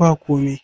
ba komai.